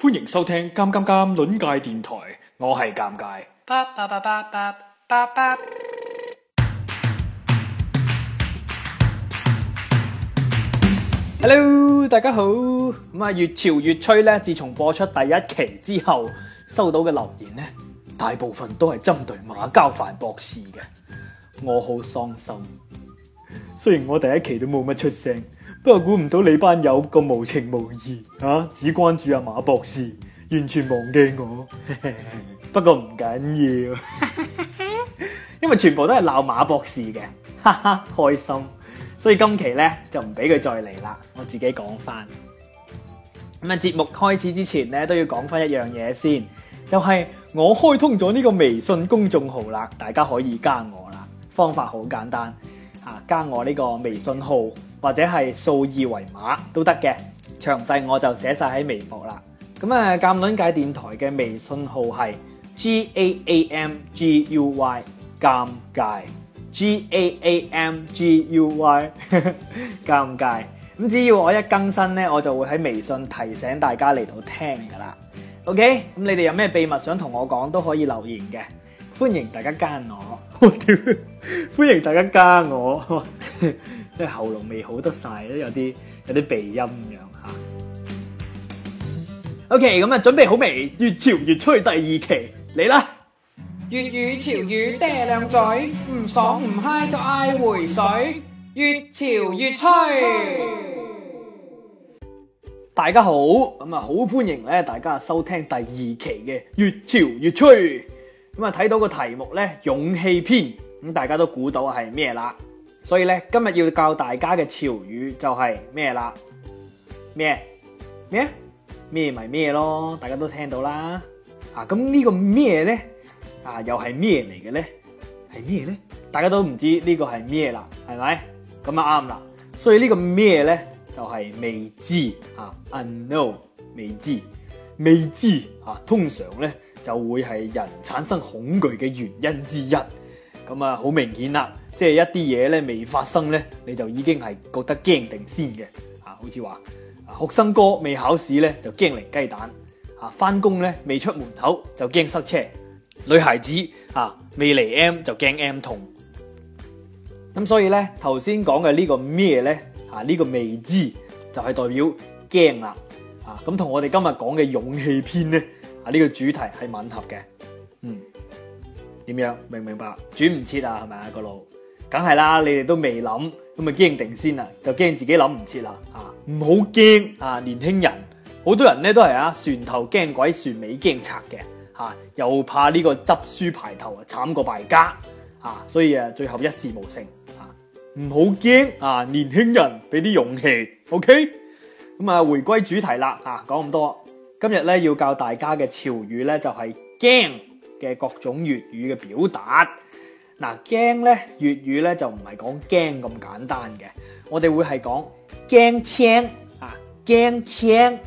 歡迎收聽《尷尷尷》論界電台，我係尷尬。Hello，大家好。咁啊，粵潮粵吹咧，自從播出第一期之後，收到嘅留言呢，大部分都係針對馬交凡博士嘅。我好傷心，雖然我第一期都冇乜出聲。不過估唔到你班友咁無情無義，吓、啊、只關注阿馬博士，完全忘記我。 不過唔緊要， 因為全部都係鬧馬博士嘅，哈哈開心。所以今期咧就唔俾佢再嚟啦，我自己講翻。咁啊節目開始之前咧都要講翻一樣嘢先，就係、是、我開通咗呢個微信公眾號啦，大家可以加我啦，方法好簡單。啊，加我呢個微信號或者係掃二維碼都得嘅，詳細我就寫晒喺微博啦。咁啊，尷撚尬電台嘅微信號係 G A A M G U Y，尷尬 G A A M G U Y，尷尬。咁只要我一更新咧，我就會喺微信提醒大家嚟到聽㗎啦。OK，咁你哋有咩秘密想同我講，都可以留言嘅。歡迎大家加我，我屌！歡迎大家加我，即係喉嚨未好得晒，咧，有啲有啲鼻音咁樣吓。O K，咁啊準備好未？粵潮粵吹第二期，嚟啦。粵語潮語爹靚嘴，唔爽唔嗨就嗌回水。粵潮粵吹。大家好，咁啊好歡迎咧，大家收聽第二期嘅《粵潮粵吹》。咁啊，睇到個題目咧，勇氣篇，咁大家都估到係咩啦？所以咧，今日要教大家嘅潮語就係咩啦？咩？咩？咩咪咩咯？大家都聽到啦。啊，咁、這個、呢個咩咧？啊，又係咩嚟嘅咧？係咩咧？大家都唔知呢個係咩啦，係咪？咁啊啱啦。所以個什麼呢個咩咧，就係、是、未知啊 unknown 未知，未知啊，通常咧。就會係人產生恐懼嘅原因之一，咁啊好明顯啦，即係一啲嘢咧未發生咧，你就已經係覺得驚定先嘅，啊，好似話學生哥未考試咧就驚嚟雞蛋，啊，翻工咧未出門口就驚塞車，女孩子啊未嚟 M 就驚 M 痛，咁所以咧頭先講嘅呢個咩咧，啊呢個未知就係代表驚啦，啊咁同我哋今日講嘅勇氣篇咧。啊！呢、這個主題係吻合嘅，嗯，點樣明唔明白轉唔切啊？係咪啊？個路梗係啦，你哋都未諗，咁咪驚定先啦，就驚自己諗唔切啦。啊，唔好驚啊！年輕人，好多人咧都係啊，船頭驚鬼，船尾驚賊嘅，吓、啊、又怕呢個執輸排頭啊，慘過敗家啊，所以啊，最後一事無成啊，唔好驚啊！年輕人，俾啲勇氣，OK，咁啊，回歸主題啦，吓講咁多。今日咧要教大家嘅潮語咧就係驚嘅各種粵語嘅表達。嗱，驚咧粵語咧就唔係講驚咁簡單嘅，我哋會係講驚青啊，驚青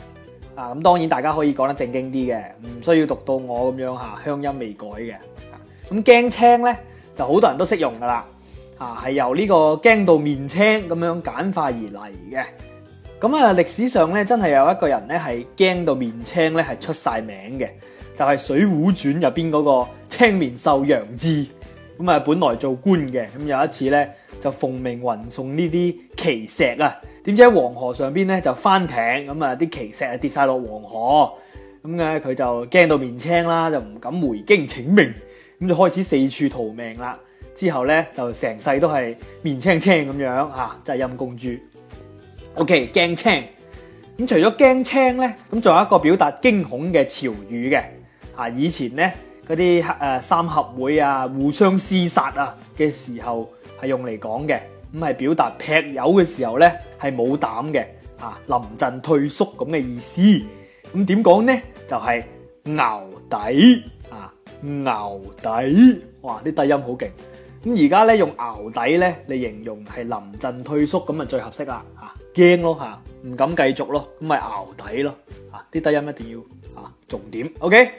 啊咁。當然大家可以講得正經啲嘅，唔需要讀到我咁樣吓，鄉音未改嘅。咁驚青咧就好多人都識用噶啦，啊，係由呢個驚到面青咁樣簡化而嚟嘅。咁啊，歷史上咧真係有一個人咧係驚到面青咧係出晒名嘅，就係、是《水滸傳》入邊嗰個青面獸楊志。咁啊，本來做官嘅，咁有一次咧就奉命運送呢啲奇石啊，點知喺黃河上邊咧就翻艇，咁啊啲奇石啊跌晒落黃河，咁咧佢就驚到面青啦，就唔敢回京請命，咁就開始四處逃命啦。之後咧就成世都係面青青咁樣啊，就係陰公豬。O.K. 驚青咁，除咗驚青咧，咁仲有一個表達驚恐嘅潮語嘅啊。以前咧嗰啲誒三合會啊，互相廝殺啊嘅時候係用嚟講嘅，咁係表達劈友嘅時候咧係冇膽嘅啊，臨陣退縮咁嘅意思。咁點講咧？就係牛底啊，牛底哇！啲低音好勁咁，而家咧用牛底咧嚟形容係臨陣退縮咁啊，最合適啦。驚咯吓，唔敢繼續咯，咁咪熬底咯吓，啲低音一定要吓重點。OK，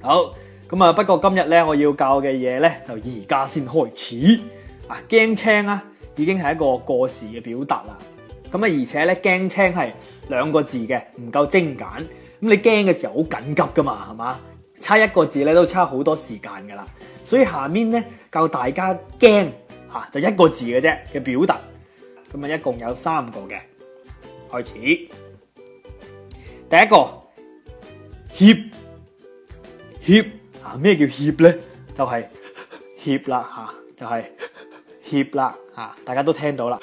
好咁啊。不過今日咧，我要教嘅嘢咧，就而家先開始啊。驚、嗯、青啊，已經係一個過時嘅表達啦。咁啊，而且咧驚青係兩個字嘅，唔夠精簡。咁你驚嘅時候好緊急噶嘛，係嘛？差一個字咧，都差好多時間噶啦。所以下面咧教大家驚吓，就一個字嘅啫嘅表達。咁啊，一共有三個嘅開始。第一個怯怯啊，咩叫怯咧？就係怯啦嚇，就係怯啦嚇，大家都聽到啦，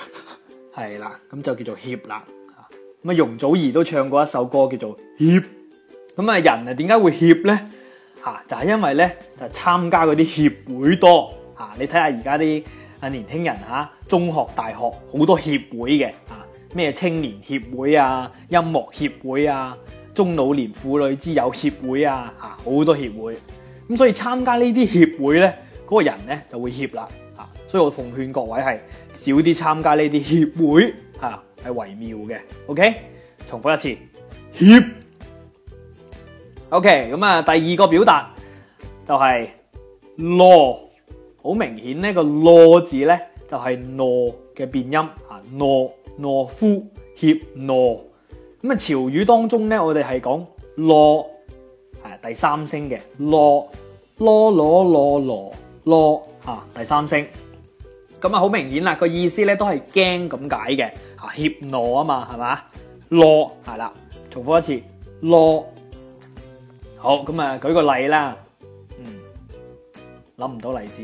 係啦。咁就叫做怯啦。咁啊，容祖兒都唱過一首歌叫做怯。咁啊，人啊點解會怯咧？嚇，就係、是、因為咧就參加嗰啲協會多嚇。你睇下而家啲年輕人吓，中學、大學好多協會嘅啊，咩青年協會啊、音樂協會啊、中老年婦女之友協會啊，吓好多協會。咁所以參加呢啲協會咧，嗰、那個人咧就會協啦，吓。所以我奉勸各位係少啲參加呢啲協會吓，係為妙嘅。OK，重複一次，協。OK，咁啊，第二個表達就係、是、攞好明顯呢個懦字咧，就係懦嘅變音啊，懦懦夫怯懦。咁啊潮語當中咧，我哋係講懦，係第三聲嘅懦，懦懦懦懦懦啊，第三聲。咁啊好明顯啦，個意思咧都係驚咁解嘅啊，怯懦啊嘛，係嘛？懦係啦，重複一次，懦。好咁啊，舉個例啦，嗯，諗唔到例子。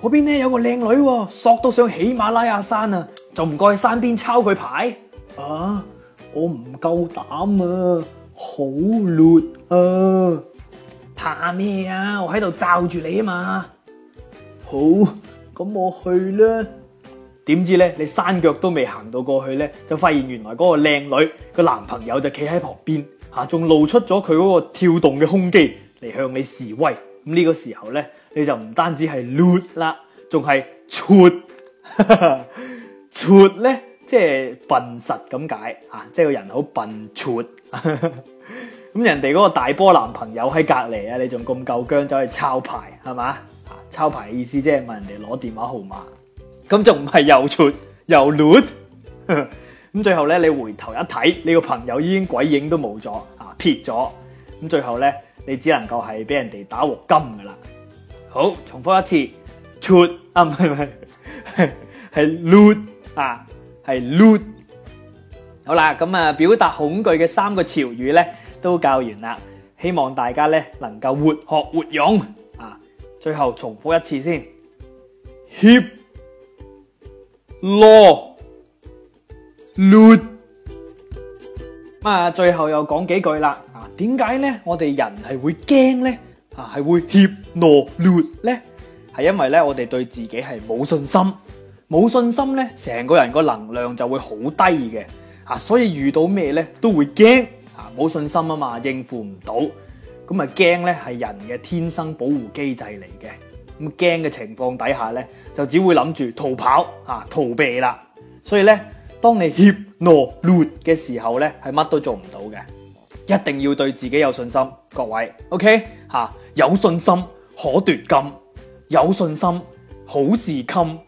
嗰邊咧有個靚女，索到上喜馬拉雅山啊，就唔該去山邊抄佢牌啊！我唔夠膽啊，好劣啊！怕咩啊？我喺度罩住你啊嘛！好，咁我去啦。點知咧，你山腳都未行到過去咧，就發現原來嗰個靚女個男朋友就企喺旁邊吓，仲露出咗佢嗰個跳動嘅胸肌嚟向你示威。咁呢個時候咧。你就唔單止係攣啦，仲係撮撮咧，即係笨實咁解啊！即係個人好笨撮咁。 噉人哋嗰個大波男朋友喺隔離啊，你仲咁夠姜走去抄牌係嘛？抄牌意思即係問人哋攞電話號碼。咁就唔係又撮又攣咁。最後咧，你回頭一睇，你個朋友已經鬼影都冇咗啊，撇咗咁。最後咧，你只能夠係俾人哋打鑊金噶啦。好，重複一次，出啊唔係唔係，係 lude 啊，係 lude。好啦，咁啊表達恐懼嘅三個潮語咧都教完啦，希望大家咧能夠活學活用啊。最後重複一次先，Hip，lo，lude。啊，最後又講幾句啦。啊，點解咧？我哋人係會驚咧？啊，係會怯懦劣咧，係因為咧我哋對自己係冇信心，冇信心咧成個人個能量就會好低嘅，啊，所以遇到咩咧都會驚，啊冇信心啊嘛，應付唔到，咁啊驚咧係人嘅天生保護機制嚟嘅，咁驚嘅情況底下咧就只會諗住逃跑啊逃避啦，所以咧當你怯懦劣嘅時候咧係乜都做唔到嘅，一定要對自己有信心，各位，OK 吓。有信心可奪金，有信心好事襟，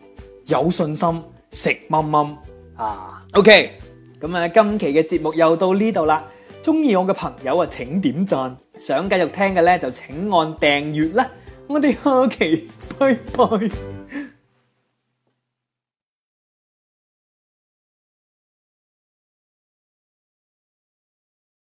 有信心食蚊蚊。啊！OK，咁啊，okay, 今期嘅節目又到呢度啦，中意我嘅朋友啊，請點讚，想繼續聽嘅咧就請按訂閱啦，我哋下期拜拜。